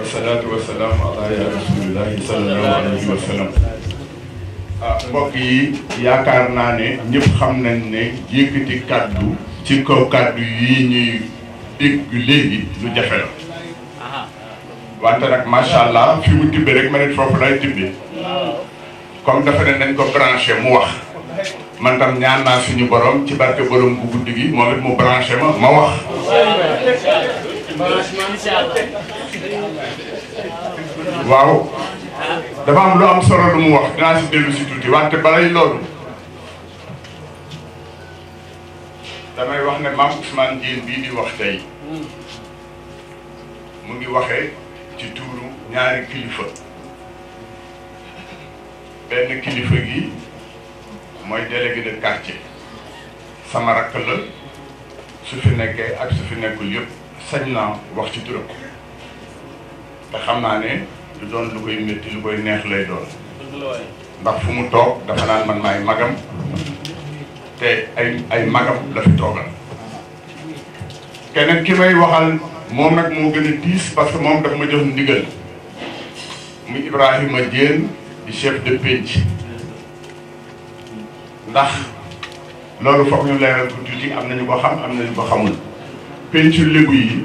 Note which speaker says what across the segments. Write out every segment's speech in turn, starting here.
Speaker 1: wasalaatu wasalaam ala ya ah, mbokk yi yaakaar naa ne ñëpp xam nañ ne yëkkati kàddu ci kaw kàddu yi ñuy dégg léegi lu jafe la wante nag macha allah fi mu tibbee rek ma ne foofu lay tibbee comme dafa ne nañ ko branché mu wax man tam ñaan naa suñu borom ci barke borom bu guddi gi moom it mu branché ma ma wax. waaw dafa lu am solo lu mu wax dinaa si dellu si tuuti wante balay loolu damay wax ne maam Ousmane Diène bii di wax tey mu ngi waxe ci tuuru ñaari kilifa benn kilifa gi mooy délégué de quartier sama rakk la su fi nekkee ak su fi nekkul yëpp sañ naa wax ci turam te xam naa ne du doon lu koy métti lu koy neex lay doon ndax fu mu toog dafa naan man maay magam te ay ay magam la fi toogal keneen ki may waxal moom nag moo gën a diis parce que moom daf ma jox ndigal muy Ibrahima Diène di chef de pénc ndax loolu foog ñu leeral ko tuuti am na ñu ko xam am na ñu ko xamul péncu lébu yi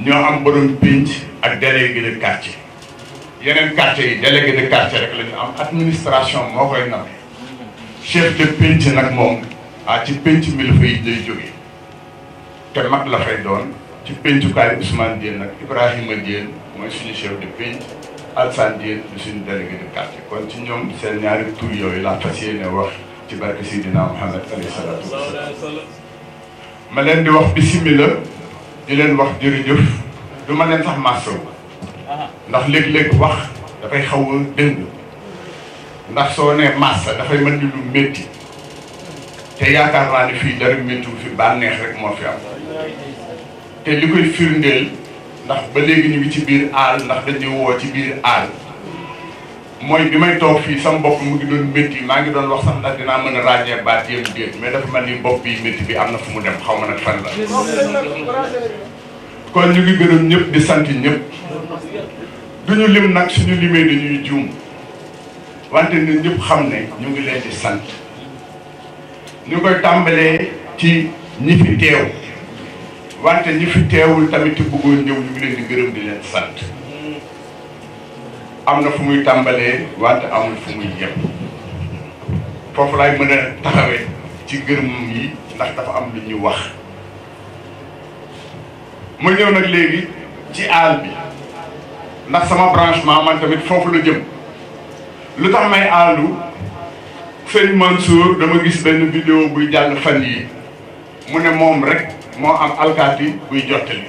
Speaker 1: ñoo am borom pénc ak délégué de quartier yeneen quartier yi délégué de quartier rek la am administration moo koy nommé chef de pénc nag moom ah ci pénc mi la fay day jógee te mag la fay doon ci péncukaay Ousmane Diène nag Ibrahima Diène mooy suñu chef de pénc Alsane Diène di suñu délégué de quartier kon ci ñoom seen ñaari tur yooyu laa fas yéene wax ci barke Seydina Mouhamed alayhi salaatu wasalaam ma leen di wax bisimila di leen wax jërëjëf du ma leen sax marché ndax léeg-léeg wax dafay xaw a dëng ndax soo nee massa dafay mën di lu métti te yaakaar naa ne fii dara méttiwu fi neex rek moo fi am te li koy firndeel ndax ba léegi ñu ngi ci biir aal ndax dañuy woo ci biir aal mooy bi may toog fii sama bopp mu ngi doon métti maa ngi doon wax sax ndax dinaa mën a ràññee baat yéen déet mais dafa mel ni bopp bi métti bi am na fu mu dem xaw ma a fan la kon ñu ngi gërëm ñëpp di sant ñëpp duñu lim nag suñu limee dañuy juum wante nit ñëpp xam ne ñu ngi leen di sant ñu koy tàmbalee ci ñi fi teew wante ñi fi teewul tamit bëggoon ñëw ñu ngi leen di gërëm di leen sant am na fu muy tàmbalee wante amul fu muy yem foofu laay mën a taxawee ci gërëm yi ndax dafa am lu ñu wax ma ñëw nag léegi ci aal bi ndax sama branchement man tamit foofu la jëm lu tax may aalu Serigne Mansour dama gis benn vidéo buy jàll fan yi mu ne moom rek moo am alkaati buy jottali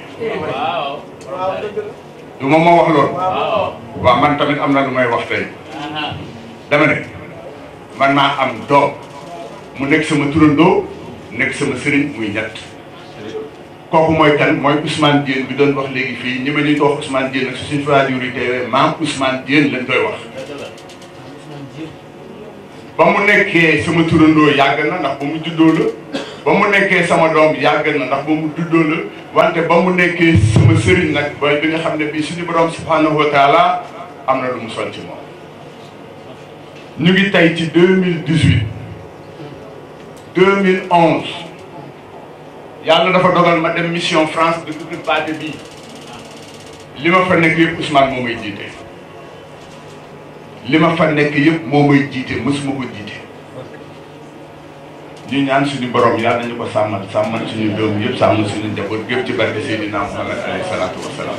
Speaker 1: du moom moo wax loolu waaw man tamit am na lu may wax tey dama ne man maa am doom mu nekk sama turandoo nekk sama sëriñ muy ñett kooku mooy kan mooy Ousmane Diène bi doon wax léegi fii ñi ma nit wax Ousmane Diène nag su suñu waajur yi teewee maam Ousmane Diène lañ koy wax ba mu nekkee sama turandoo yàgg na ndax ba mu juddoo la ba mu nekkee sama doom yàgg na ndax ba mu juddoo la wante ba mu nekkee sama sëriñ nag ba bi nga xam ne bii suñu borom subhanahu wa taala am na lu mu sol ci moom ñu ngi tey ci deux mille dix huit yàlla dafa dogal ma dem mission France de toute partie bii li ma fa nekk yëpp Ousmane moo may jiite li ma fa nekk yëpp moo may jiite mësuma ko jiite ñu ñaan suñu borom yàlla nañu ko sàmmal sàmmal suñu doom yëpp sàmmal suñu njaboot yëpp ci barke Seydina Muhammad alayhi salaatu wa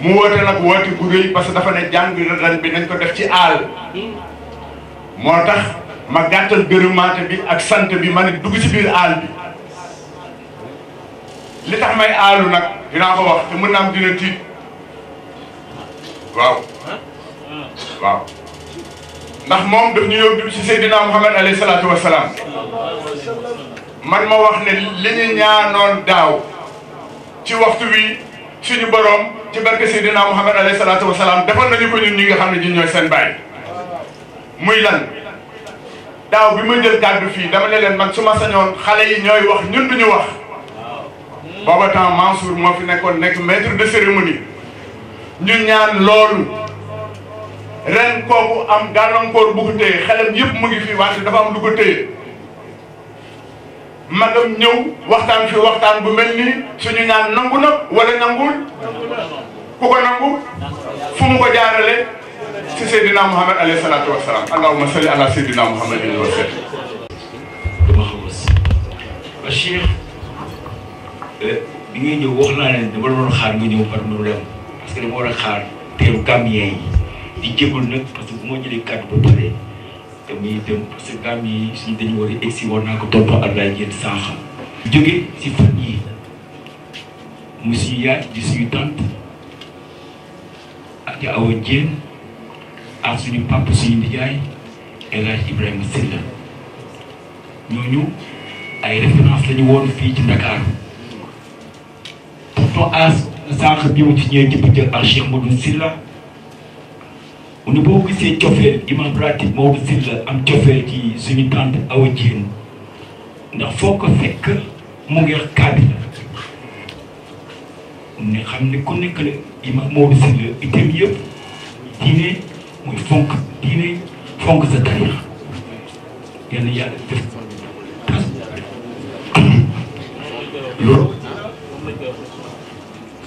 Speaker 1: mu woote nag woote bu parce que dafa ne jàng ren bi nañ ko def ci àll moo tax ma gàttal gërëmaate bi ak sant bi man ne dugg ci biir àll bi li tax may aalu nag dinaa ko wax te mën naam am dina tiit waaw ndax moom daf ñu yóbbu ci Seydina Muhammad alayhi salaatu wa salaam man ma wax ne li ñu ñaanoon daaw ci waxtu wi suñu borom ci barke Seydina Muhammad alayhi salaatu wa salaam defal nañu ko ñun ñi nga xam ne ñun ñooy seen baay muy lan daaw bi ma jël kàddu fii dama ne leen man su ma sañoon xale yi ñooy wax ñun duñu wax. booba temps Mansour moo fi nekkoon nekk maître de cérémonie ñu ñaan loolu ren kooku am gàllankoor bu ko téye xelam mu ngi fi wante dafa am lu ko téye magam ñëw waxtaan fi waxtaan bu mel nii suñu ñaan nangu na wala nangul ku ko nangu fu mu ko jaarale ci Seydina Mouhamed alayhi salaatu wa salaam allahumma salli ala Seydina Mouhamed
Speaker 2: bi ngay ñëw wax naa leen dama doon xaar nga ñëw par mënu dem parce que dama war a xaar teeru Gambien yi di jégalu nag parce que bu ma jëlee kàddu ba pare damay dem parce que Gambien yi suñu dañu war a war naa ko topp Ablaye Diène Sakho jóge si fan yi mu suñu yaay suñu tante ak di Awa ak suñu papa suñu nijaay El Hadj Ibrahima Sylla ñooñu ay référence la ñu fii ci Ndakaaru surtout à sànq bi mu ci ñëwee ñëpp jël ak Cheikh Modou Silla mu ne boo gisee cofeel imam ratib si Silla am cofeel ci suñu tante Awa Diène ndax foo fekk mu ngi ne xam ne ku nekk la imam Modou Silla itam yëpp diine muy fonk diine fonk sa tarix yàlla yàlla def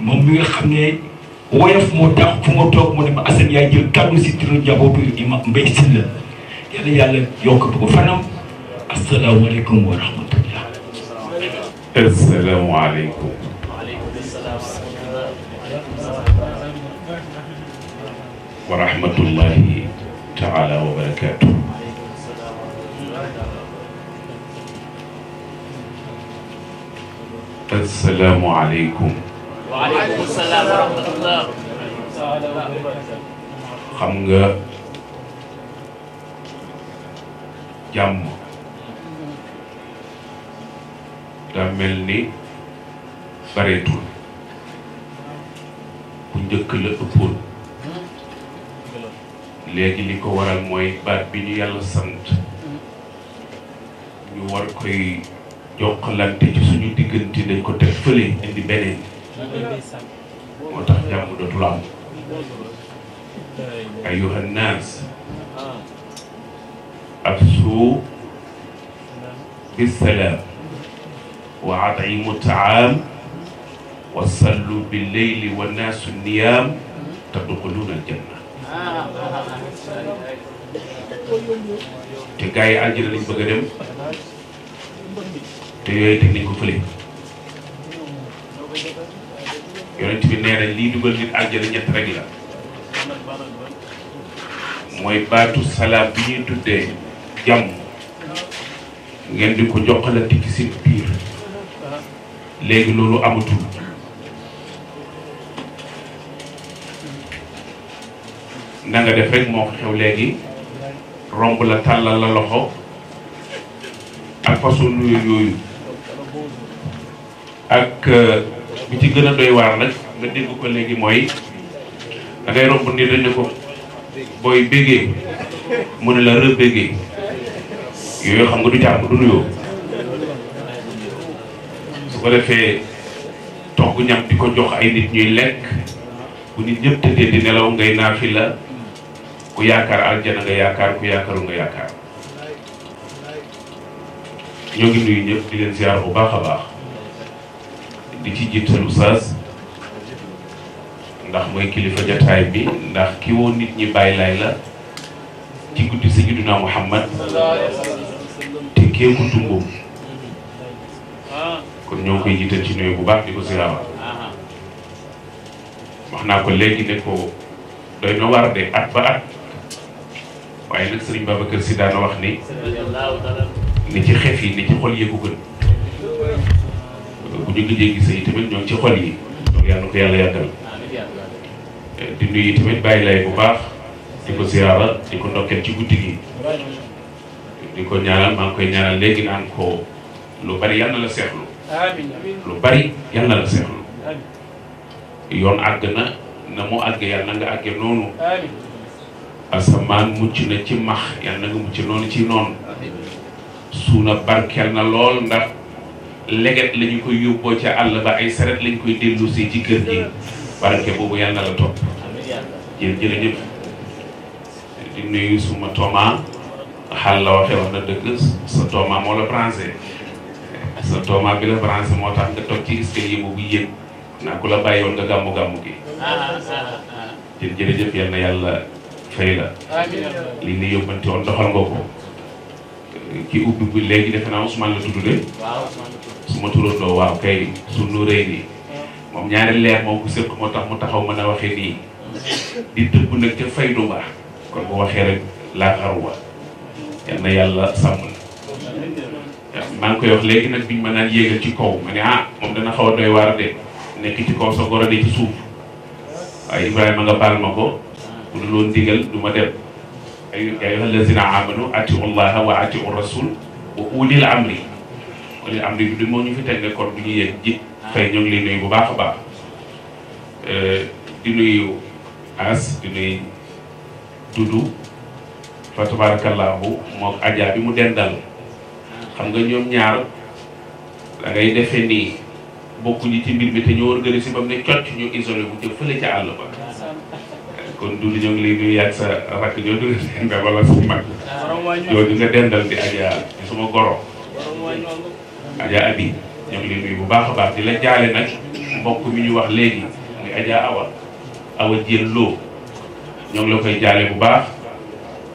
Speaker 2: moom mi nga xam ne woyof moo tax fu ma toog mu ne ma Assane yaa jël kàddu si turu njabootu imam Mbaye Sylla yàlla yàlla yokk bu ko fanam asalaamaaleykum wa rahmatullah.
Speaker 3: asalaamaaleykum. wa rahmatullahi taala wa barakaatu. asalaamaaleykum. Waalaikumsalam
Speaker 2: warahmatullahi
Speaker 3: xam nga jàmm daa mel ni bu njëkk la ëppoon léegi li ko waral mooy baat bi ñu yàlla sant ñu war koy jokkalante ci suñu diggante dañ ko teg moo tax jàmm dootul am ayuha nnaas absuu bisalaam wa at'imu taam wa sallu billayli wa naasu niyaam tadxuluuna aljanna te gars yi aljana lañ bëgg a dem te yooyu teg nañ ko fële yonent bi nee na lii dugal nit aljana ñett rek la mooy baatu salaam bi ñuy tuddee jàmm ngeen di ko jokkalante ci seen biir léegi loolu amatul na def rek moo xew léegi romb la tàllal la loxo ak façon nuyu yooyu ak euh, bi ci gën a doy waar nag nga dégg ko léegi mooy da ngay romb nit dañ ko booy bégee mu la rebégee yooyu xam nga du jàpp du nuyoo su ko defee togg ñam di ko jox ay nit ñuy lekk bu nit ñëpp tëddee di nelaw ngay naafi la ku yaakaar aljana nga yaakaar ku yaakaaru nga yaakaar ñoo ngi nuyu ñëpp di leen ziar bu baax a baax. di ci jiital oustaz ndax mooy kilifa jataay bi ndax kiiwoo woon nit ñi bàyyi lay la ci guddi sayyidina Muhammad te kee tumbum kon ñoo koy jiital ci nuyu bu baax di ko siyaama wax naa ko léegi ne ko doy na war de at ba at waaye nag sëriñ Babacar si daana wax ni ni ci xef yi ni ci xol yee ko gën donc bu ñu gisee gisee yi tamit ñoo ci xol yi donc yàlla ko yàlla yàggal euh, di nuyu tamit bàyyi bu baax di ko ziyaara di ko ndokkeel ci guddi gi di ko ñaanal maa ngi koy ñaanal léegi lu bari yàlla na la seexlu lu bari yàlla na la seexlu yoon àgg na na mu àgg yàlla na nga àggee noonu asamaan mucc na ci max yàlla na nga mucc noonu ci noonu suuna barkeel na lool ndax leget la ñu koy yóbboo ca àll ba ay saret lañ koy dellusee ci kër gi barke boobu yàlla la topp jërëjëf jërëjëf di nuyu suma tooma xal la waxee wax sa tooma moo la branché toog ci escalier boobu gi jër jërëjëf yal na yàlla fay li ñu yóbbante woon la tudd de suma turandoo waaw kay sunu rëy nii moom ñaari leer moom bu sëq moo tax mu taxaw mën a waxe nii di dëbb nag ca faydu ba kon bu waxee rek laa xaruwa yal na yàlla sàmm na maa ngi koy wax léegi nag biñu ma naan yéegal ci kaw ma ne ah moom dana xaw a doy waar de nekk ci kaw sa goro de ci suuf waaye Ibrahima nga baal ma ko bu dul woon digal du ma dem ay ayyuha allazina amanu atiu allaha wa atiu rasul wa ulil amri li am di du moo ñu fi teg ne kon bu ñu yéeg ji fay ñu ngi lay bu baax a baax euh, di nuyu as di nuyu dudu fa tabarakallahu mook ajaa bi mu dendal xam nga ñoom ñaar da ngay defee nii bokkuñu ci mbir mi te ñu organisé ba mu ne cocc ñu isolé bu jëf fële ca àll ba kon dudu ñoo ngi lay nuyu sa rakk ñoo dugg nga dendal di ajaa di suma goro Adja Abi ñoo ngi bu baax a baax di la jaale nag mbokk mi ñu wax léegi muy Adja Awa Awa Dieng Lo ñoo ngi la koy jaale bu baax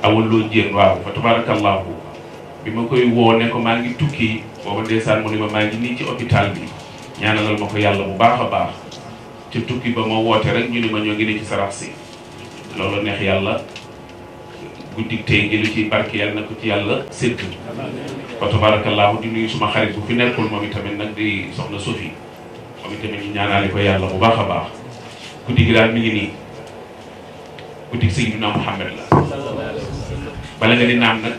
Speaker 3: Awa loo Dieng waaw fa tabarakallahu bi ma koy woo ne ko maa ngi tukki booba ndeysaan mu ni ma maa ngi nii ci hôpital bi ñaanalal ma ko yàlla bu baax a baax ci tukki ba ma woote rek ñu ne ma ñoo ngi ne ci sarax si loolu neex yàlla bu digtee ngi lu ciy barke yàlla na ko ci yàlla séddu fa tabarakallahu di nuyu suma xarit bu fi nekkul moom itamit nag di soxna Sofi moom itamit ñu ñaanaale ko yàlla bu baax a baax guddi gi daal mi ngi nii guddi gi Seydina Muhammad la bala nga di naan nag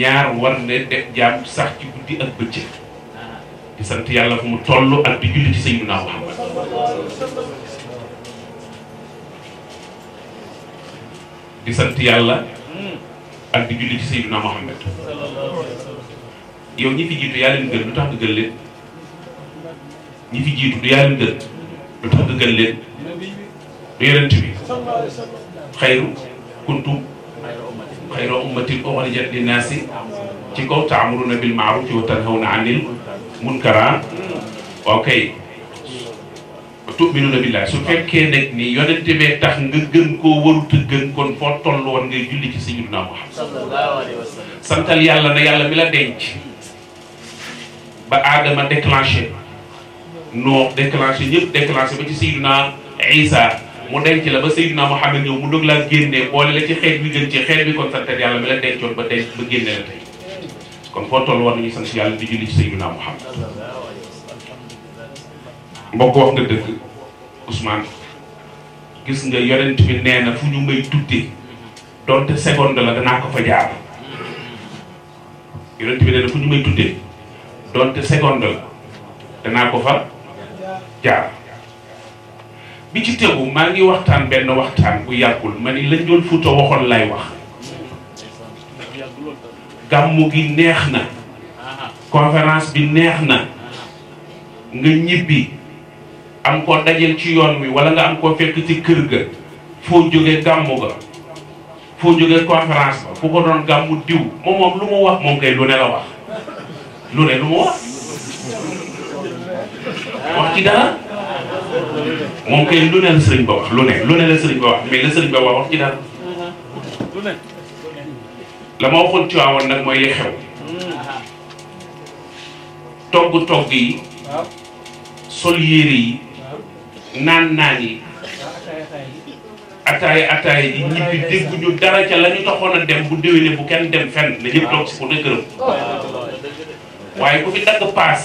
Speaker 3: ñaar war ne def jaam sax ci guddi ak bëccëg di sant yàlla fu Muhammad di sant yàlla ak di julli ci Seydina Mohamed yow ñi fi jiitu yaa leen gën lu tax nga gën leen ñi fi jiitu du yaa leen gën lu tax nga gën leen du yonent bi xayru kuntum xayra ummatin uxrijat linnaasi ci kaw taamuruna bil maaruf wa tanhawna anil munkara ah, waaw kay tuminuna billahi su fekkee nag ni yonente bee tax nga gën koo warut gën kon foo toll woon ngay julli ci sayyidina Muhammad santal yàlla na yàlla mi la denc ba aadama déclenché noo déclenché ñëpp déclenché ba ci sayyidina Isa mu denc la ba sayyidina Muhammad ñëw mu dog laa génnee boole la ci xeet bi gën ci xeet bi kon santal yàlla mi la dencoon ba denc ba génne la tey kon foo toll war nañu sant yàlla di julli ci sayyidina Muhammad mbokk Ousmane gis nga yonent bi nee fu ñu may tuddee donte seconde la danaa ko fa jaar yonent bi nee na fu ko fa jaar bi ci tegu maa ngi waxtaan benn waxtaan bu yàggul ma ni lañ doon Fuuta waxoon lay wax gàmmu gi neex na conférence bi neex na nga ñibbi am koo dajeel ci yoon wi wala nga am koo fekk ci kër ga foo jóge gàmmu ga foo jógee conférence ba fu ko doon gàmmu diw moom moom lu mu wax moom kay lu ne la wax lu ne lu mu wax wax ci dara moom kay lu ne la sëriñ ba wax lu ne lu ne la sëriñ ba wax mais la sëriñ ba wax wax ci dara la ma waxoon Tiwaawan nag mooy li togg togg yi sol yi naan naan yi ataay ataay yi ñibbi dégguñu dara ca lañu ñu taxoon a dem bu déwénee bu kenn dem fenn la ñëpp toog si pour ne këram waaye ku fi dagg paas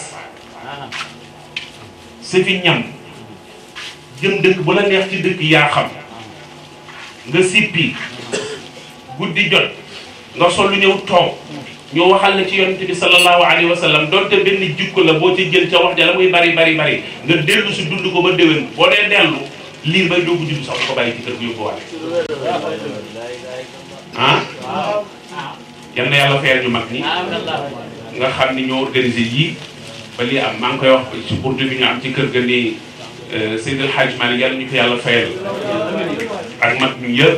Speaker 3: sa fi ñam jëm dëkk ba la neex ci dëkk yaa xam nga sippi guddi jot nga sol lu ñëw toog ñu waxal na ci yonent bi sallallahu alayhi wa sallam donte benn jikko la boo ci jël ca wax ja la muy bari bari bari nga dellu si dund ko ba déwén boo dee dellu lii bay doogu juddu sax du ko bàyyi ci kër gu yóbbuwaale ah yal na yàlla fayal ñu mag ñi nga xam ni ñoo organisé yii ba lii am maa ngi koy wax ci burdu bi ñu am ci kër ga nii euh, Seydil Hadj Malick yàlla ñu ko yàlla fayal ak mag ñu yëpp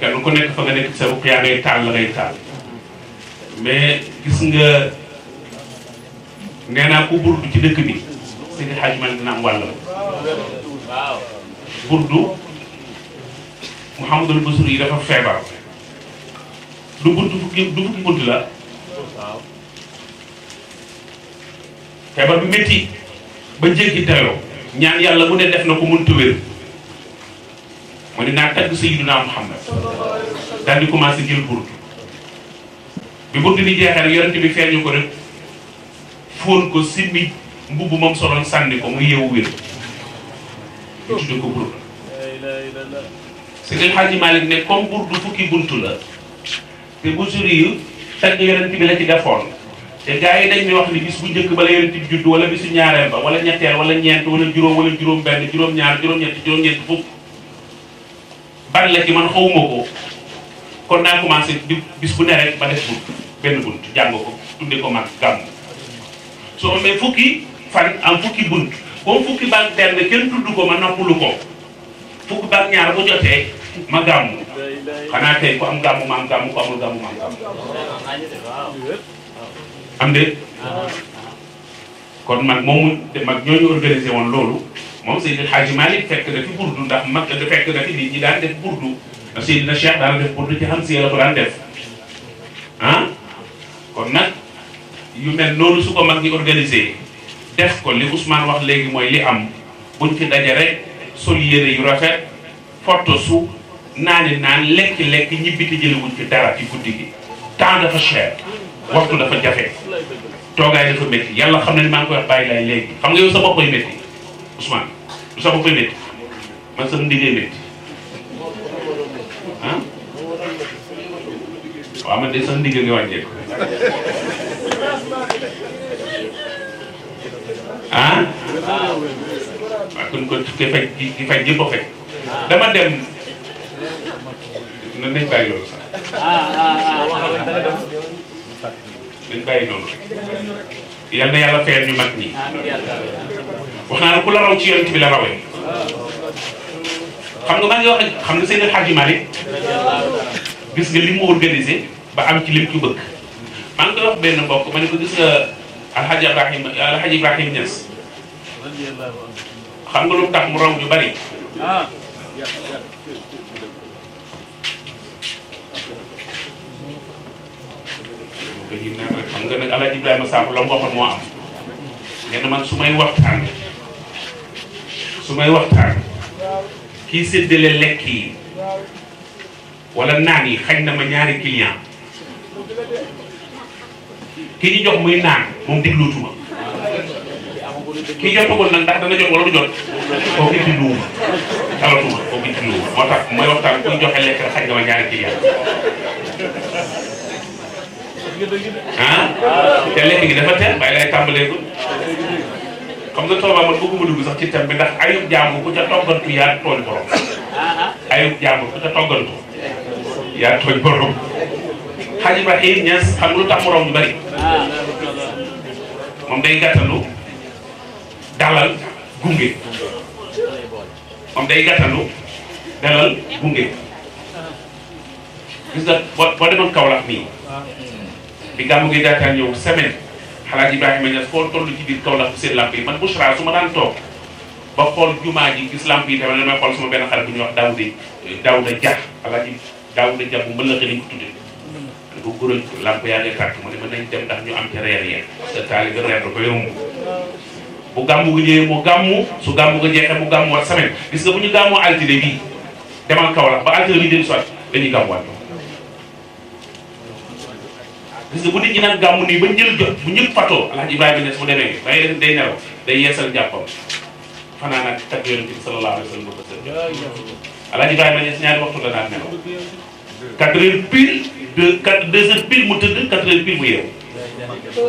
Speaker 3: kenn ku nekk fa nga nekk sa ruq yaa ngay taal la ngay taal mais gis nga nee naa ku burdu ci dëkk bi Seydi Hadj Malick dina am wàllam waaw burdu Mouhamadul Basir yi dafa feebar du bunt fukki du fukki bunt la waaw feebar bi métti ba jéggi dayoo ñaan yàlla mu ne def na ko mënta wér mu ne naa tagg Sayyiduna Muhammad daal di commencé jël burdu bi bunt bi jeexee rek bi feeñu ko rek fóon ko simmi mbubb moom soloon sànni ko mu yeewu wér ñu tudde ko burdu Seydi Hadji buntu la te bu suri yu bi la ci defoon te gars yi dañ mi wax ni bis bu njëkk bala yonent bi judd wala bisu ñaareel ba wala ñetteel wala wala juróom wala juróom benn juróom-ñaar juróom-ñett juróom-ñett fukk ban la ci man xawuma ko kon naa commencé di bis bu ne rek ba def bunt benn bunt jàng ko tudde ko mag gàmm soo amee fukki fan am fukki bunt comme fukki baag benn kenn tudd ko ma noppalu ko fukki baag ñaar bu jotee ma gàmm xanaa tey ku am gàmm ma am gàmm ku amul gàmm ma am am de kon mag moomu mag ñooñu organisé woon loolu moom Seydil Hadji Malick fekk na fi burdu ndax mag fekk na fi nit ñi daan def burdu ndax Seydina Cheikh daal def burdu ci xam si la ko daan def ah kon nag yu mel noonu su ko mag ñi organisé def ko li Ousmane wax léegi mooy li am buñ fi daje rek sol yére yu rafet foto su naani naan lekk-lekk ñibbi te jëlewuñ fi dara ci guddi gi temps dafa cher waxtu dafa jafe toogaay dafa métti yàlla xam na ni maa ngi koy wax bàyyi laay léegi xam nga yow sa bopp koy métti Ousmane sa bopp koy métti man sama ndigee métti waaw man de sax ndigg ngi wàññeeku ah waaw ah, kon kon ki faj ki faj yëpp a fekk dama dem na nañ bàyyi loolu sax nañ bàyyi loolu yal na yàlla fayal ñu mag ñi wax naa ne ku la raw ci rawee xam nga maa ngi wax xam nga seen Hadji Malick gis nga li mu organisé ba am ci lim ci bëgg maa ngi koy wax benn mbokk ma ne ko gis nga alhaji ibrahim alhaji ibrahim Niass xam nga lu tax mu raw ñu bari xam nga nag alhaji ibrahima sàmp la mu waxoon moo am ngeen man su may waxtaan su waxtaan kii séddale lekk yi wala naan yi xañ na ma ñaari client ki ñu jox muy naan moom dégluutuma ki jotagul nag ndax dana jot wala du jot kooku itti luuma talatuma kooku itti luuma moo tax mooy waxtaan kuy joxe lekk xaj nga ma ñaari ci yàlla ah te lekk gi dafa teel bàyyi lay tàmbalee ko xam nga toobaa man bëgguma dugg sax ci thème bi ndax ayub jàmbur ku ca toggantu yaa tooñ borom ah, ah. ayub jàmbur ku ca toggantu yaa tooñ borom Xaj Ibrahim Niass xam nga lu tax moroom bu bëri ah. moom day gàttalu dalal gunge moom day gàttalu dalal gunge gis nga boo boo demoon Kaolack nii bi gàmmu gi daataan ñëw semaine xalaat Ibrahima Niass foo toll ci biir Kaolack bu seen lamp yi man Bouchra su ma daan toog ba xool jumaa ji gis lamp tamit damay xool sama benn xarit bu ñuy wax Daouda Daouda Dia xalaat Daouda Dia bu mbëllëxee lañ ko tuddee. dugg nañ ko lamp yaa ngi tàkk ne dem ndax ñu am reer ya te taalibe reer ko yomb bu gàmmu gi ñëwee mu su gàmmu ga jeexee mu gàmmu wat semaine gis nga bu ñu gàmmu altine bii demal Kaolack ba altine bii dem soit dañuy gàmmuwaat gis nga bu nit ñi naan gàmmu nii ba njël jot bu ñëpp fatoo alhaji ibrahima nes day day alhaji waxtu la quatre heures pile de quatre deux heures pile mu tëdd quatre heures pile mu yeewu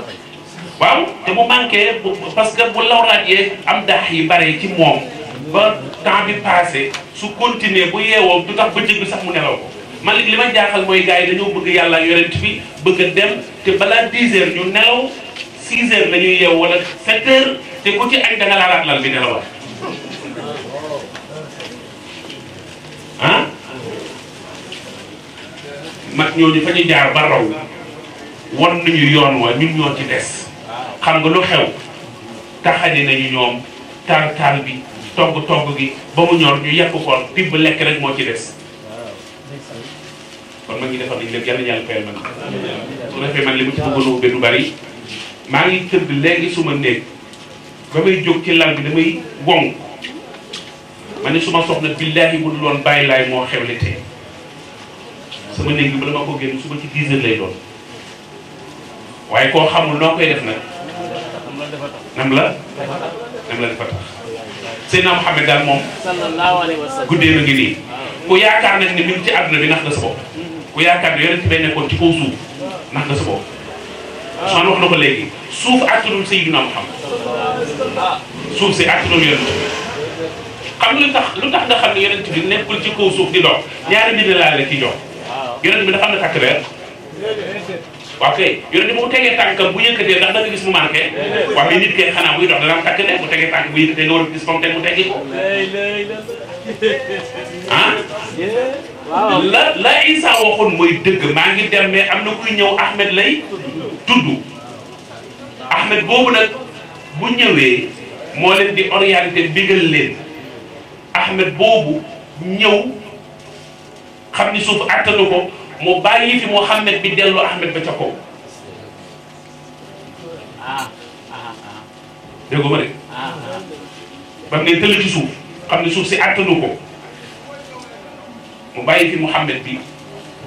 Speaker 3: waaw te bu manqué parce que bu lawraat yee am daax yi bare ci moom ba temps bi passé su continuer bu yeewoo du tax bëccëg bi sax mu nelaw ko man li ma jaaxal mooy gars yi bëgg yàlla yorent bi bëgg a dem te balaa 10 heures ñu nelaw 6 heures la ñuy yeew wala 7 heures te ku ci añ da laalaat lal bi nelawaat ah mag ñooñu fa ñu jaar ba raw won nañu yoon wa ñun ñoo ci des xam nga lu xew taxani nañu ñoom taal taal bi togg togg gi ba mu ñor ñu yàq koon tibb lekk rek moo ci des kon mag ñi defar nañu lépp yàlla yàlla fayal man su defee a tëdd léegi su ma néeg ba may jóg ci lal bi damay wonk ma ne soxna billaahi bu dul woon bàyyi laay moo xewle tey sama néeg bi bala ma ko génn suba ci 10 heures lay doon xamul noo koy def nag nam la nam la dafa tax Seydina Mouhamed daal moom guddee na ngi nii ku yaakaar nag ni mi ngi ci àdduna bi nax nga sa bopp mm-hmm. ku yaakaar ne yonent bay nekkoon ci kaw suuf na ko léegi suuf attanul Seydina Mouhamed si ak yonent xam lu tax lu tax nga xam ne yonent bi nekkul ci kaw suuf di dox ñaari mbir laa la ki jox yonent bi dafa am na takk weer waaw kay yonent bi bu tegee tànkam bu yëkkatee ndax da nga gis mu marqué waaw mais nit kay xanaa buy dox dana am takk ne bu tegee tànk bu yëkkatee nga war a gis moom teg mu teggi ko ah la Isa waxoon mooy dëgg maa ngi dem mais am na kuy ñëw Ahmed lay tudd Ahmed boobu nag bu ñëwee moo leen di orienté bigal leen Ahmed boobu ñëw xam ni suuf attanu ko mu bàyyi fi Mouhamed bi dellu Ahmed ba ca kaw. dégg nga ma de. ba mu ne suuf si attanu mu bàyyi fi Mouhamed bi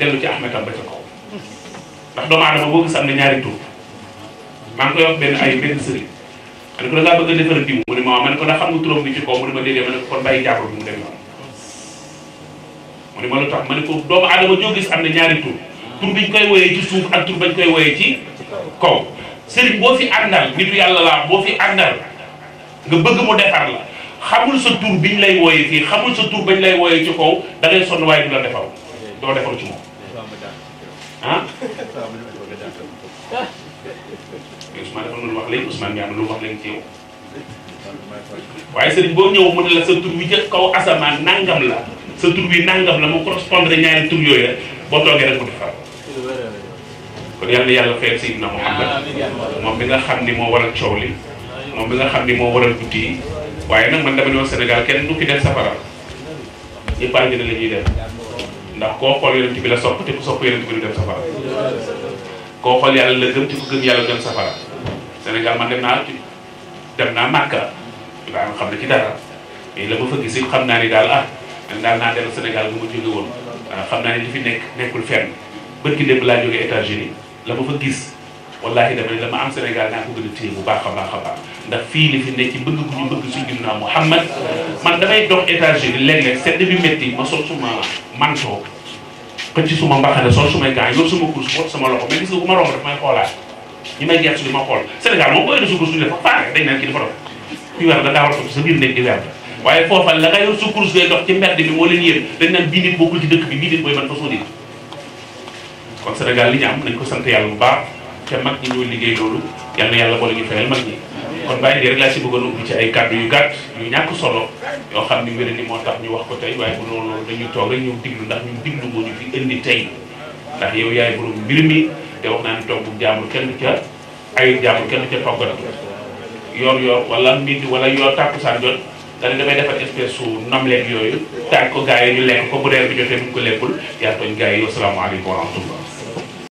Speaker 3: dellu ci Ahmed am ba ca kaw ndax doomu aadama boo gis am na ñaari tur maa ngi koy wax benn ay benn sëriñ ma ko da bëgg a defar diw mu ne ma waaw ko ndax xam nga turam bi ci kaw mu ne ma déedéet ma ne ko kon bàyyi jàppal mu dem mu ne ma lu tax ma ne ko doomu aadama ñoo gis am ne ñaari tur tur ñu koy woyee ci suuf ak tur bañ koy woyee ci kaw sëriñ boo fi àndal nitu yàlla laa boo fi àndal nga bëgg mu defar la xamul sa tur bi lay wooyee fii xamul sa tur bañ lay wooyee ci kaw da ngay sonn waaye du la defar doo defar ci moom ah? waaye sëriñ boo ñëw mu ne la sa tur wi ca kaw asamaan nangam la sa tur bi nangam la mu correspondre ñaari tur yooyu ya. rek boo toogee rek mu defar kon yàlla na yàlla fayal Seydina Muhammad moom bi nga xam ni moo waral coow li moom bi nga xam ni moo waral guddi yi waaye nag man dama ne woon Sénégal kenn du ki def safara ñëpp àjjana la ñuy dem ndax koo xool yonent bi la sopp te ku sopp yonent bi du dem safara koo xool yàlla la gëm ci ku gëm yàlla dem safara Sénégal man dem naa dem naa Màkka Ibrahima xam ne ci dara mais la ma fa gis xam naa ni daal ah man daal naa dellu Sénégal bu ma jóge woon euh, xam naa ne li fi nekk nekkul fenn bërki démb laa jóge États-Unis la ma fa gis wallahi dama ne la ma am Sénégal naa ko gën a téye bu baax a baax a baax ndax fii li fi nekk ci bëgg bu ñu bëgg Sayyidina Muhammad man damay dox États-Unis léeg-léeg bi métti ma sol suma manteau xëcc suma mbaxane sol sumay gants yor sama course wot sama loxo mais ma romb daf may xoolaat ñi may gerte di ma xool Sénégal moom booy na su course duñ fa faare dañ daa war nekk di waye foofa la nga yor sa course dox ci mbedd bi mo leen yéen dañ nan bi nit bokul ci dëkk bi bi nit moy man fa soori kon Sénégal li ñu am nañ ko sant yalla bu baax te mag ñi ñoo liggéey loolu yalla na yàlla boole ñu mag ñi kon baye di rek laa si bëggoon ubbi ci ay cadeau yu gatt yu ñak solo yo xamni mbir ni mo tax ñu wax ko tay waye bu non non dañu tok rek ñu diglu ndax ñu diglu mo ñu fi indi tay ndax yow yaay borom mbir mi te wax naa tok bu jaamu kenn ci ay jaamu kenn ca toggat yor yor wala mbind wala yor takusan jot dana damay defar espèce su nomleeg yooyu taaj ko yi ñu lekk ko bu reer bi jotee mu ko lekkul yaa tooñ gars yi wasalaamaaleykum wa rahmatullah